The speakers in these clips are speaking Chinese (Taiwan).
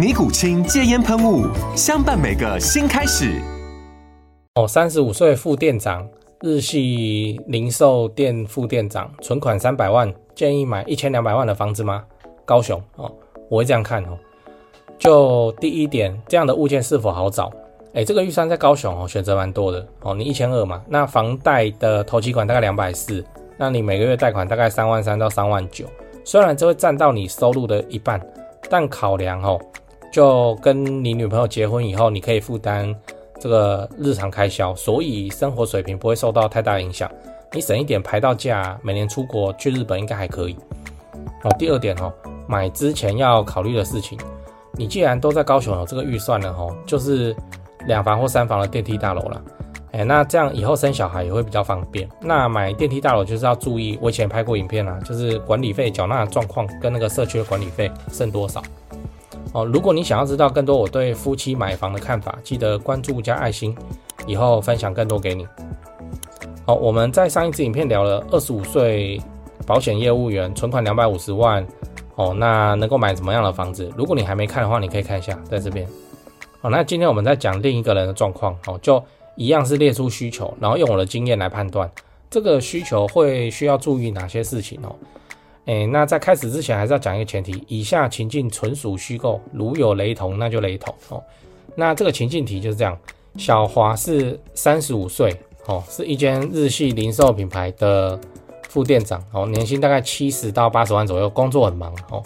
尼古清戒菸噴霧，相伴每個新開始。哦，三十五歲副店長，日系零售店副店長，存款三百萬，建議買一千兩百萬的房子嗎？高雄哦，我會這樣看哦。就第一點，這樣的物件是否好找？哎，這個預算在高雄哦，選擇蠻多的哦。你一千二嘛，那房貸的頭期款大概兩百四，那你每個月貸款大概三萬三到三萬九，雖然這會佔到你收入的一半，但考量哦。就跟你女朋友結婚以後，你可以負擔這個日常開銷，所以生活水平不會受到太大影響。你省一點排到假，每年出國去日本應該還可以。好，哦，第二點哦，買之前要考慮的事情，你既然都在高雄有這個預算了哦，就是兩房或三房的電梯大樓了。哎，那這樣以後生小孩也會比較方便。那買電梯大樓就是要注意，我以前拍過影片啊，就是管理費繳納的狀況跟那個社區的管理費剩多少。哦，如果你想要知道更多我對夫妻買房的看法，記得關注加愛心，以後分享更多給你。好、哦，我們在上一支影片聊了二十五歲保險業務員存款兩百五十萬，哦，那能夠買什麼樣的房子？如果你還沒看的話，你可以看一下，在這邊。好、哦，那今天我們再講另一個人的狀況，好、哦，就一樣是列出需求，然後用我的經驗來判斷這個需求會需要注意哪些事情哦。哎、欸，那在開始之前還是要講一個前提，以下情境純屬虛構，如有雷同那就雷同哦。那這個情境題就是這樣：小華是三十五歲哦，是一間日系零售品牌的副店長哦，年薪大概七十到八十萬左右，工作很忙哦。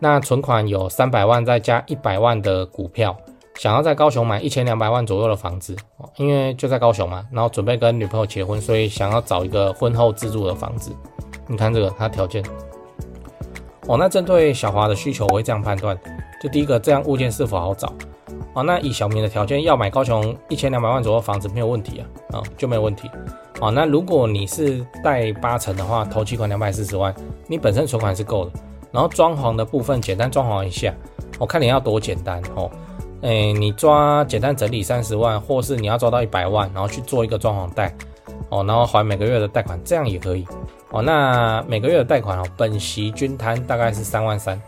那存款有三百萬，再加一百萬的股票，想要在高雄買一千兩百萬左右的房子哦，因為就在高雄嘛，然後準備跟女朋友結婚，所以想要找一個婚後自住的房子。你看這個，它條件哦。那針對小華的需求，我會這樣判斷：就第一個，這樣物件是否好找？哦，那以小明的條件，要買高雄一千兩百萬左右的房子沒有問題啊，啊、哦、就沒有問題。哦，那如果你是貸八成的話，頭期款兩百四十萬，你本身存款是夠的。然後裝潢的部分，簡單裝潢一下，我、哦、看你要多簡單哦。誒、欸，你抓簡單整理三十萬，或是你要抓到一百萬，然後去做一個裝潢貸，哦，然後還每個月的貸款，這樣也可以。哦，那每個月的貸款哦，本息均攤大概是三萬三，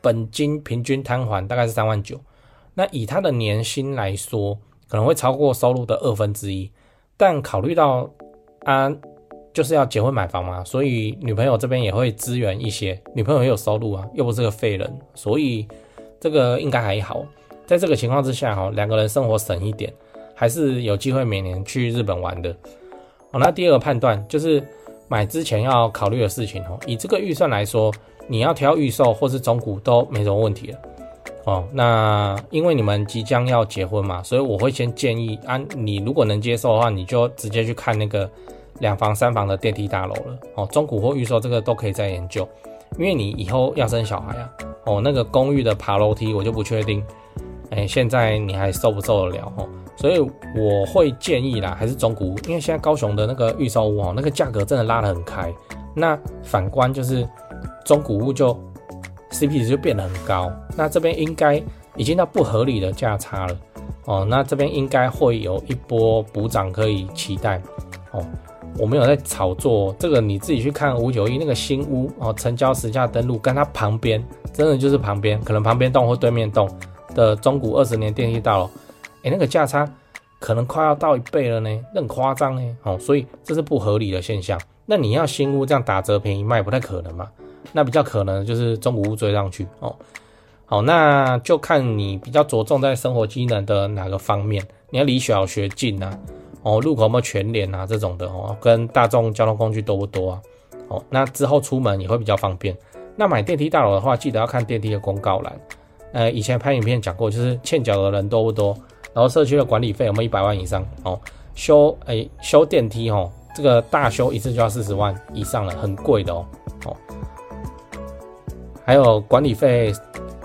本金平均攤還大概是三萬九。那以他的年薪來說，可能會超過收入的二分之一。但考慮到啊，就是要結婚買房嘛，所以女朋友這邊也會支援一些。女朋友也有收入啊，又不是個廢人，所以這個應該還好。在這個情況之下，哦，哈，兩個人生活省一點，還是有機會每年去日本玩的。哦，那第二個判斷就是。買之前要考慮的事情哦，以這個預算來說，你要挑預售或是中古都沒什麼問題了哦。那因為你們即將要結婚嘛，所以我會先建議啊，你如果能接受的話，你就直接去看那個兩房三房的電梯大樓了哦。中古或預售這個都可以再研究，因為你以後要生小孩啊哦，那個公寓的爬樓梯我就不確定。哎，現在你還受不受得了哦、喔，所以我會建議啦，還是中古屋，因為現在高雄的那個預售屋哦、喔，那個價格真的拉得很開。那反觀就是中古屋就 C P 值就變得很高，那這邊應該已經到不合理的價差了哦、喔。那這邊應該會有一波補漲可以期待哦、喔。我沒有在炒作這個，你自己去看五九一那個新屋哦、喔，成交實價登錄跟它旁邊，真的就是旁邊，可能旁邊棟或對面棟。的中古二十年電梯大樓，哎、欸，那個價差可能快要到一倍了呢，那很誇張呢。哦，所以這是不合理的現象。那你要新屋這樣打折便宜賣不太可能嘛，那比較可能就是中古屋追上去哦。好，那就看你比較着重在生活機能的哪個方面。你要離小學近啊，哦，路口有沒有全聯啊這種的哦，跟大眾交通工具多不多啊？哦，那之後出門也會比較方便。那買電梯大樓的話，記得要看電梯的公告欄。呃，以前拍影片講過，就是欠繳的人多不多？然後社區的管理費有沒有一百萬以上？哦，修、哎、欸、修電梯哦，這個大修一次就要四十萬以上了，很貴的哦。哦，還有管理費，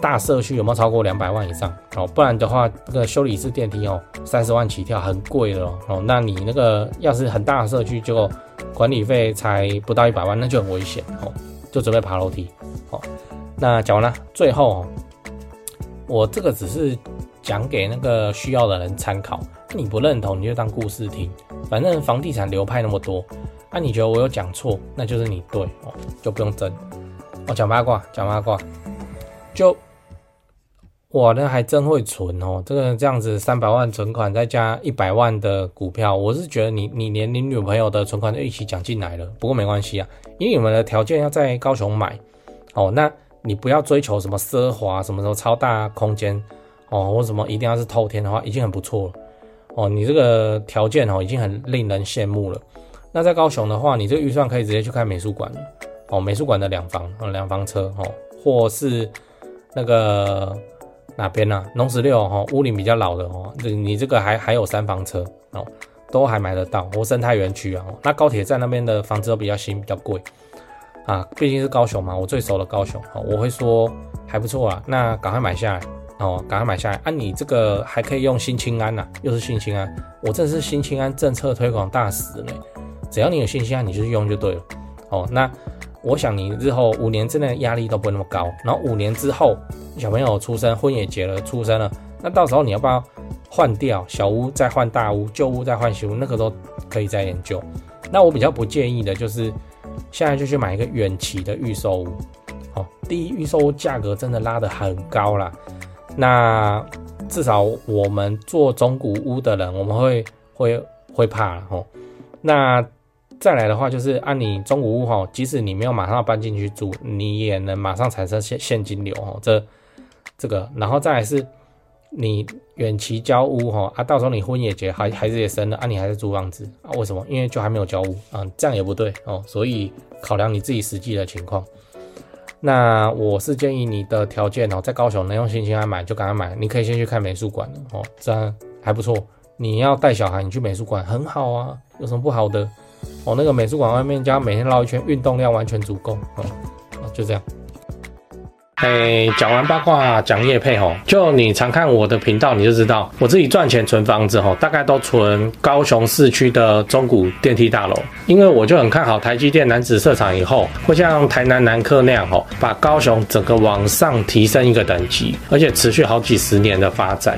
大社區有沒有超過兩百萬以上？哦，不然的話，那個修理一次電梯哦，三十萬起跳，很貴的哦。哦，那你那個要是很大的社區，就管理費才不到一百萬，那就很危險哦，就準備爬樓梯。哦。那講完了，最後哦。我這個只是講給那個需要的人參考，你不認同你就當故事聽，反正房地產流派那麼多，那、啊、你覺得我有講錯，那就是你對哦，就不用爭。哦，講八卦，講八卦，就我呢還真會存哦，這個這樣子三百萬存款再加一百萬的股票，我是覺得你你連你女朋友的存款都一起講進來了，不過沒關係啊，因為你們的條件要在高雄買，哦，那。你不要追求什麼奢華，什麼什麼超大空間，哦，或什麼一定要是透天的話，已經很不錯了，哦，你這個條件哦，已經很令人羨慕了。那在高雄的話，你這個預算可以直接去看美術館，哦，美術館的兩房、嗯、兩房車，哦，或是那個哪邊呢？啊，農十六，哦，屋齡比較老的，哦，你這個還還有三房車，哦，都還買得到。我生態園區啊、哦，那高鐵站那邊的房車比較新，比較貴。啊，畢竟是高雄嘛，我最熟的高雄哦，我會說還不錯啊，那趕快買下來哦，趕快買下來啊！你這個還可以用新青安吶、啊，又是新青安，我真的是新青安政策推廣大使呢。只要你有新青安，你就是用就對了哦。那我想你日後五年之內的壓力都不會那麼高，然後五年之後小朋友出生，婚也結了，出生了，那到時候你要不要換掉小屋再換大屋，舊屋再換新屋，那個時候可以再研究。那我比較不建議的就是。現在就去買一個遠期的預售屋，哦、第一預售屋價格真的拉得很高啦，那至少我們做中古屋的人，我們會會會怕吼、哦。那再來的話，就是按、啊、你中古屋吼，即使你沒有馬上搬進去住，你也能馬上產生現現金流哦。這這個，然後再來是。你遠期交屋哈啊，到時候你婚也結，孩孩子也生了啊，你還在租房子啊？為什麼？因為就還沒有交屋啊，這樣也不對哦。所以考量你自己實際的情況。那我是建議你的條件哦，在高雄能用現金來買就趕快買。你可以先去看美術館哦，這樣還不錯。你要帶小孩，你去美術館很好啊，有什麼不好的？哦，那個美術館外面家每天繞一圈，運動量完全足夠哦。就這樣。誒、欸、講完八卦，講業配吼，就你常看我的頻道，你就知道我自己賺錢存房子吼，大概都存高雄市區的中古電梯大樓，因為我就很看好台積電楠梓設廠以後，會像台南南科那樣吼，把高雄整個往上提升一個等級，而且持續好幾十年的發展。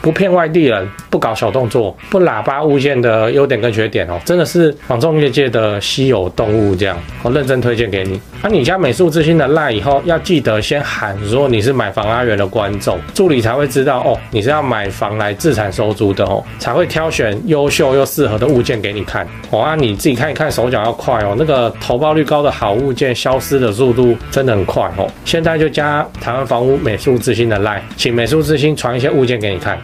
不騙外地人，不搞小動作，不喇叭物件的優點跟缺點哦，真的是房仲業界的稀有動物這樣，我認真推薦給你。那、啊、你加美術之星的賴以後要記得先喊，如果你是買房阿元的觀眾，助理才會知道哦，你是要買房來自產收租的哦，才會挑選優秀又適合的物件給你看。哇、哦、啊、你自己看一看，手腳要快哦，那個投報率高的好物件消失的速度真的很快哦。現在就加台灣房屋美術之星的賴，請美術之星傳一些物件給你看。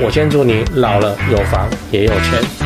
我先祝你老了有房也有錢。